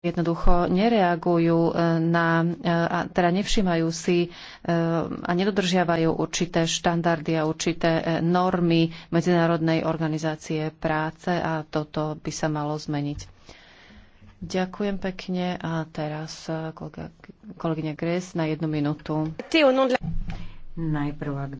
jednoducho nereagujú e, na, e, a teda nevšimajú si e, a nedodržiavajú určité štandardy a určité normy Medzinárodnej organizácie práce a toto by sa malo zmeniť. Ďakujem pekne a teraz kolega, kolegyňa Gres na jednu minútu. Najprv,